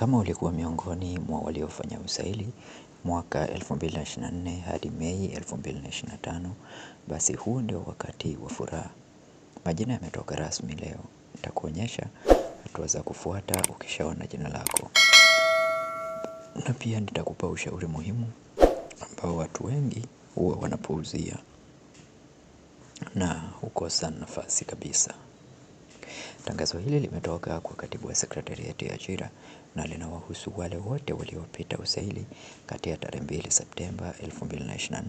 Kama ulikuwa miongoni mwa waliofanya usaili mwaka 2024 hadi Mei 2025, basi huu ndio wakati wa furaha. Majina yametoka rasmi leo. Nitakuonyesha hatua za kufuata ukishaona jina lako, na pia nitakupa ushauri muhimu ambao watu wengi huwa wanapuuzia na hukosa nafasi kabisa. Tangazo hili limetoka kwa katibu wa sekretarieti ya ajira na linawahusu wale wote waliopita usaili kati ya tarehe mbili Septemba 2024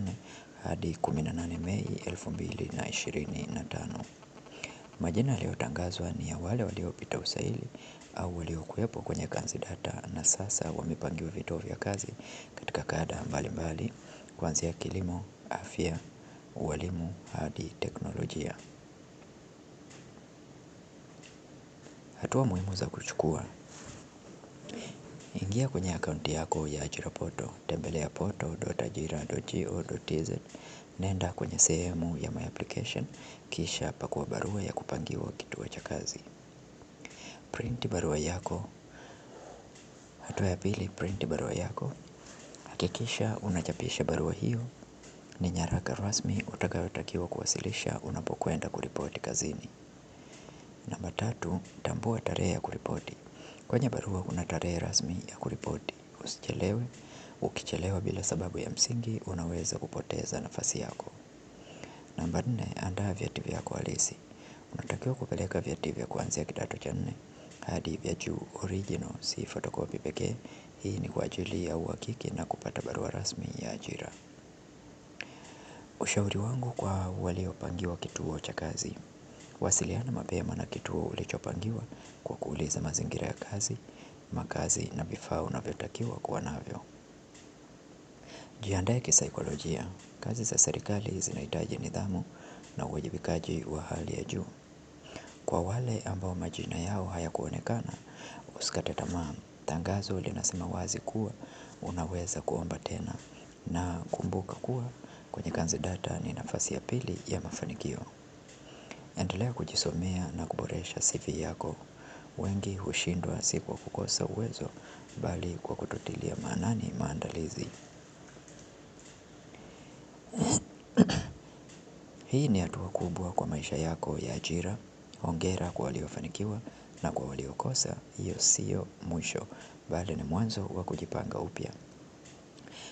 hadi 18 Mei 2025. Majina yaliyotangazwa ni ya wale waliopita usaili au waliokuwepo kwenye kanzidata na sasa wamepangiwa vituo vya kazi katika kada mbalimbali kuanzia kilimo, afya, ualimu hadi teknolojia. Hatua muhimu za kuchukua. Ingia kwenye akaunti yako ya ajira portal, tembelea portal.ajira.go.tz, nenda kwenye sehemu ya my application, kisha pakua barua ya kupangiwa kituo cha kazi. Print barua yako, hatua ya pili print barua yako, hakikisha unachapisha barua hiyo, ni nyaraka rasmi utakayotakiwa kuwasilisha unapokwenda kuripoti kazini. Namba tatu, tambua tarehe ya kuripoti. Kwenye barua kuna tarehe rasmi ya kuripoti. Usichelewe, ukichelewa bila sababu ya msingi, unaweza kupoteza nafasi yako. Namba nne, andaa vyeti vyako halisi. Unatakiwa kupeleka vyeti vya kuanzia kidato cha nne hadi vya juu original si fotokopi pekee. Hii ni kwa ajili ya uhakiki na kupata barua rasmi ya ajira. Ushauri wangu kwa waliopangiwa kituo cha kazi. Wasiliana mapema na kituo ulichopangiwa kwa kuuliza mazingira ya kazi, makazi na vifaa unavyotakiwa kuwa navyo. Jiandae kisaikolojia, kazi za serikali zinahitaji nidhamu na uwajibikaji wa hali ya juu. Kwa wale ambao majina yao hayakuonekana, usikate tamaa, tangazo linasema wazi kuwa unaweza kuomba tena na kumbuka kuwa kwenye kanzidata ni nafasi ya pili ya mafanikio. Endelea kujisomea na kuboresha CV yako. Wengi hushindwa si kwa kukosa uwezo bali kwa kutotilia maanani maandalizi. Hii ni hatua kubwa kwa maisha yako ya ajira. Hongera kwa waliofanikiwa na kwa waliokosa hiyo siyo mwisho bali ni mwanzo wa kujipanga upya.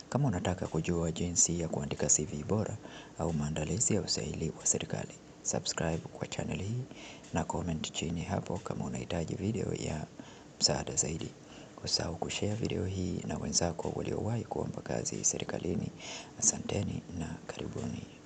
Kama unataka kujua jinsi ya kuandika CV bora au maandalizi ya usaili wa serikali subscribe kwa channel hii na comment chini hapo kama unahitaji video ya msaada zaidi. Usahau kushare video hii na wenzako waliowahi kuomba kazi serikalini. Asanteni na karibuni.